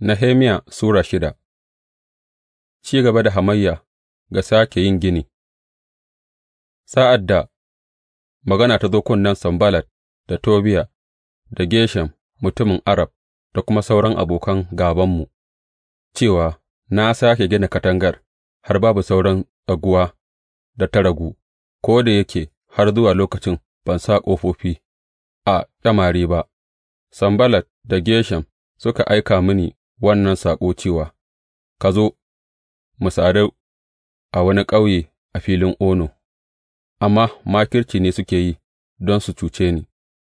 Nehemiya Sura shida Ci gaba da hamayya ga sake yin gini Sa'ad da magana ta zo kunnen Sambalat da Tobiya da Geshem mutumin Arab da kuma sauran abokan gabanmu, cewa na sake gina katangar har babu sauran tsaguwa da ta ragu, ko da yake har zuwa lokacin ban sa ƙofofi a ƙyamare ba, Sambalat da Geshem suka aika mini wannan saƙo cewa, Ka zo, mu sadu a wani ƙauye a filin Ono, amma makirci ne suke yi don su cuce ni,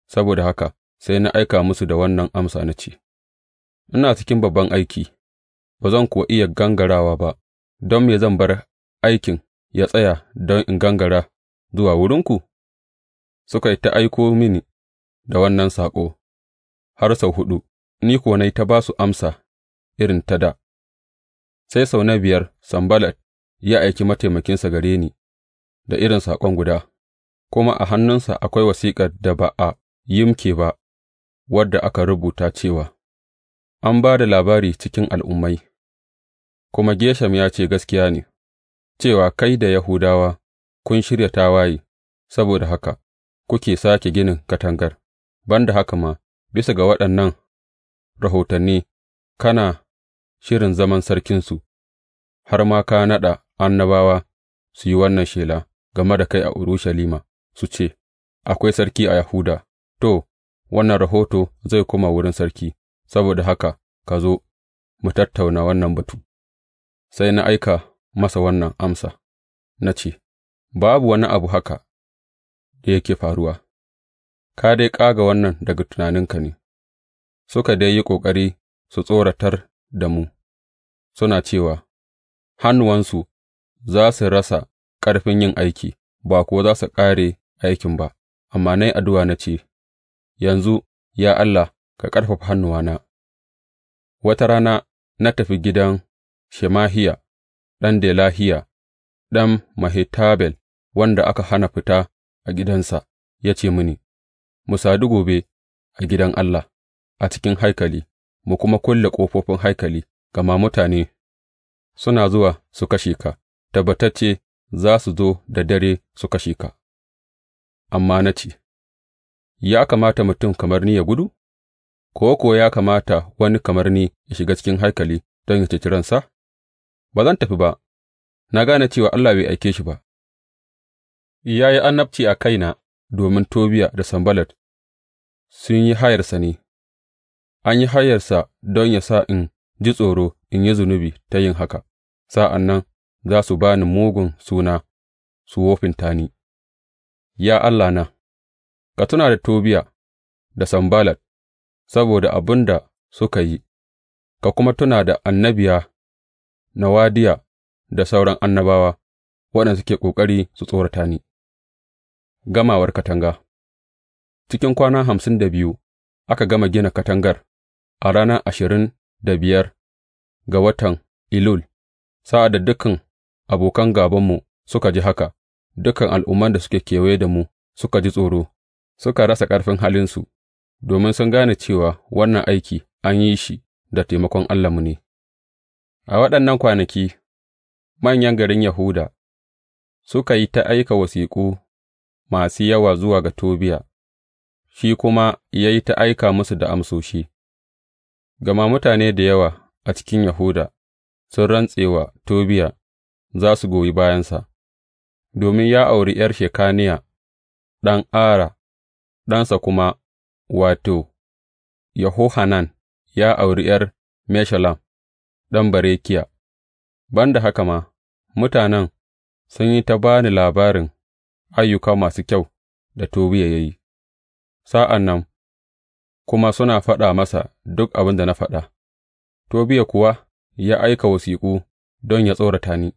saboda haka sai na aika musu da wannan amsa na ce, Ina cikin babban aiki, ba zan kuwa iya gangarawa ba, don me zan bar aikin ya tsaya don in gangara zuwa wurinku? Suka yi ta aiko mini da wannan saƙo har sau huɗu, ni kuwa na yi ta ba su amsa irin ta da, sai sau na biyar Sambalat ya aiki mataimakinsa gare ni da irin saƙon guda, kuma a hannunsa akwai wasiƙar da ba a yimke ba, wadda aka rubuta cewa, An ba da labari cikin al'ummai, kuma Geshem ya ce gaskiya ne, cewa kai da Yahudawa kun shirya tawaye, saboda haka kuke sake ginin katangar, ban da haka ma, bisa ga waɗannan rahotanni, kana shirin zaman sarkinsu, har ma ka naɗa annabawa su yi wannan shela game da kai a Urushalima, su ce, Akwai sarki a Yahuda, to, wannan rahoto zai koma wurin sarki, saboda haka ka zo mu tattauna wannan batu. Sai na aika masa wannan amsa, na ce, Babu wani abu haka da yake faruwa, ka dai ƙaga wannan daga tunaninka ne, suka dai yi ƙoƙari su tsoratar da mu. suna cewa, Hannuwansu za su rasa ƙarfin yin aiki, ba kuwa za su ƙare aikin ba, amma na yi addu'a na ce, Yanzu, ya Allah, ka ƙarfafa hannuwana. Wata rana na tafi gidan Shemahiya, ɗan Delahiya, ɗan Mahetabel, wanda aka hana fita a gidansa, ya ce mini, Mu sadu gobe a gidan Allah, a cikin haikali, mu kuma kulle ƙofofin haikali gama mutane suna zuwa su kashe ka, tabbatacce za su zo da dare su kashe ka, amma na ce, Ya kamata mutum kamar ni ya gudu, ko ko ya kamata wani kamar ni ya shiga cikin haikali don ya ceci ransa? Ba zan tafi ba, na gane cewa Allah bai aike shi ba, ya yi annabci a kaina domin Tobiya da Sambalat sun yi hayarsa ne, an yi hayarsa don ya sa in ji tsoro in yi zunubi ta yin haka, sa'an nan za su ba ni mugun suna su wofinta ni, Ya na, ka tuna da Tobiya da Sambalat saboda abin da suka yi, ka kuma tuna da annabiya na Wadiya da sauran annabawa waɗanda suke ƙoƙari su tsorata ni. Gamawar katanga Cikin kwana hamsin da biyu aka gama gina katangar, a ranar ashirin da biyar ga watan Ilul, sa'ad da dukan abokan gabanmu suka ji haka, dukan al'umman da suke kewaye da mu suka ji tsoro, suka rasa ƙarfin halinsu, domin sun gane cewa wannan aiki an yi shi da taimakon Allahnmu ne. A waɗannan kwanaki, manyan garin Yahuda suka yi ta aika wasiƙu masu yawa zuwa ga Tobiya, shi kuma ya yi ta aika musu da amsoshi. gama mutane da yawa a cikin Yahuda sun rantse wa Tobiya za su goyi bayansa, domin ya auri ’yar Shekaniya ɗan Ara, ɗansa kuma, wato, yahohanan ya auri ’yar Meshalam ɗan Barekiya. ban da haka ma, mutanen sun yi ta bani labarin ayyuka masu kyau da Tobiya ya yi, sa'an nan kuma suna faɗa masa duk abin da na faɗa, Tobiya kuwa ya aika wasiƙu don yă tsorata ni.